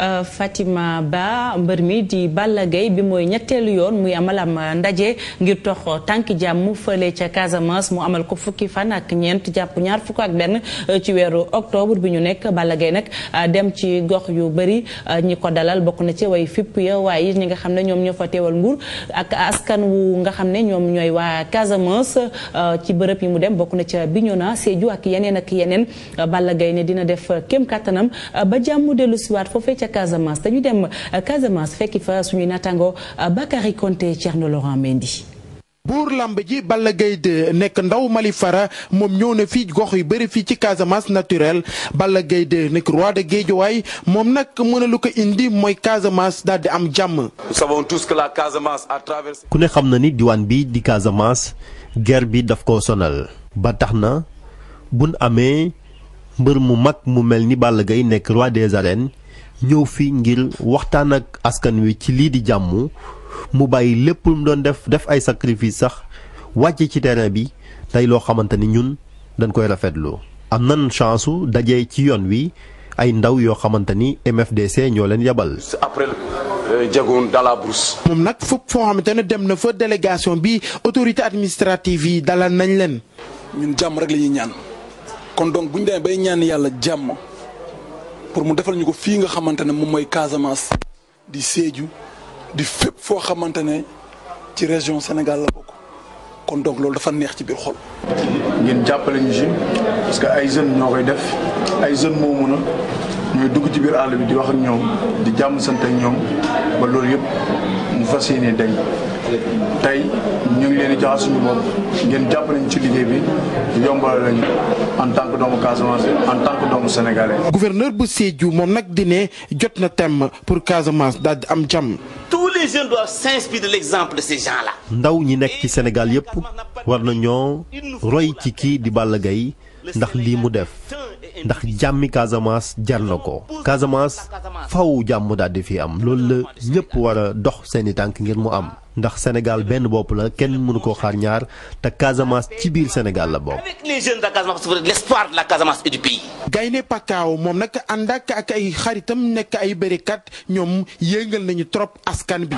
Euh, Fatima Ba mbër mi di Balla Gaye bi mooy ñetteelu yoon muy amalam ndaje ngir tox tànki jàmm fële ca Casamance mu amal ko fukki fan ak ñeent jàpp ñaar fukk ak benn euh, ci weeru octobre bi ñu nekk Balla Gaye nag euh, dem ci gox yu bëri ñi ko dalal bokk na ci way fipp ya waaye ñi nga xam ne ñoom ñoo fa teewal nguur ak askan nga xam ne ñoom ñooy waa Casamance ci bërëb yi mu dem bokk na ca Bignona Sédhiou ak yeneen ak yeneen Balla Gaye ne dina def kéem kattanam ba jàmm dellu siwaat foofee ca Casamance dañu dem euh, Casamance fekki fa suñuy natango euh, Bakary Konté Thierno Laurent Mendy. buur lamb ji Balla Gaye 2 nekk ndaw Mali Fara moom ñëw na fii gox yu bëri fii ci Casamance naturel Balla Gaye 2 nekk roi de Guédiawaye moom nag mën lu ko indi mooy Casamance daal di am jàmm. nous tous que la Casamance a traversé. ku ne xam na ni diwaan bi di Casamance guerre bi daf koo sonal. ba tax na buñ amee mbër mu mag mu mel ni Balla gay nekk roi des arènes. ñëw fii ngir waxtaan ak askan wi ci lii di jàmm mu bàyyi lépp lu mu doon def def ay sacrifice sax wàcce ci terrain bi tey loo xamante ni ñun dañ koy rafetlu. am na chance su dajee ci yoon wi ay ndaw yoo xamante ni MFDC ñoo leen yabal. après euh, moom nag fépp foo xam xamante ne dem na fa délégation bi autorité administrative yi dalal nañ leen. ñun jàmm rek lañuy ñuy ñaan kon donc bu ñu demee bay ñaan yàlla jàmm. pour mu defal ñu ko fii nga xamante ne moom mooy Casamance di Sédhiou di fépp foo xamante ne ci région Sénégal la bokk kon donc loolu dafa neex ci biir xol. ngeen jàppale ñu si parce que ay jeunes ñoo koy def ay jeunes moo mun a ñooy dugg ci biir àll bi di wax ak ñoom di jàmm sant ak ñoom ba loolu yëpp mu fas yéene dañ. tey ñu ngi leen di jox suñu bopp ngeen jàpp nañ ci liggéey bi yombal lañu en tant que doomu Casamance en tant que doomu sénégalais. gouverneur bu Sédhiou moom nag di ne jot na tem pour Casamance daal di am jàmm. tous les jeunes doivent s'inspirer de ndaw ñi nekk ci Sénégal yépp war ñoo roy ci kii di Balla Gaye ndax lii mu def. ndax jàmmi Casamance jar na ko Casamance faw jàmm daal di fi am loolu la ñëpp war a dox seeni tànk ngir mu am ndax Sénégal benn bopp la kenn mënu ko xaar ñaar te Casamance ci biir Sénégal la bokk. avec les jeunes Gaynde Pakaaw moom nag ànd ak ay xaritam nekk ay bërikat ñoom yëngal nañu trop askan bi.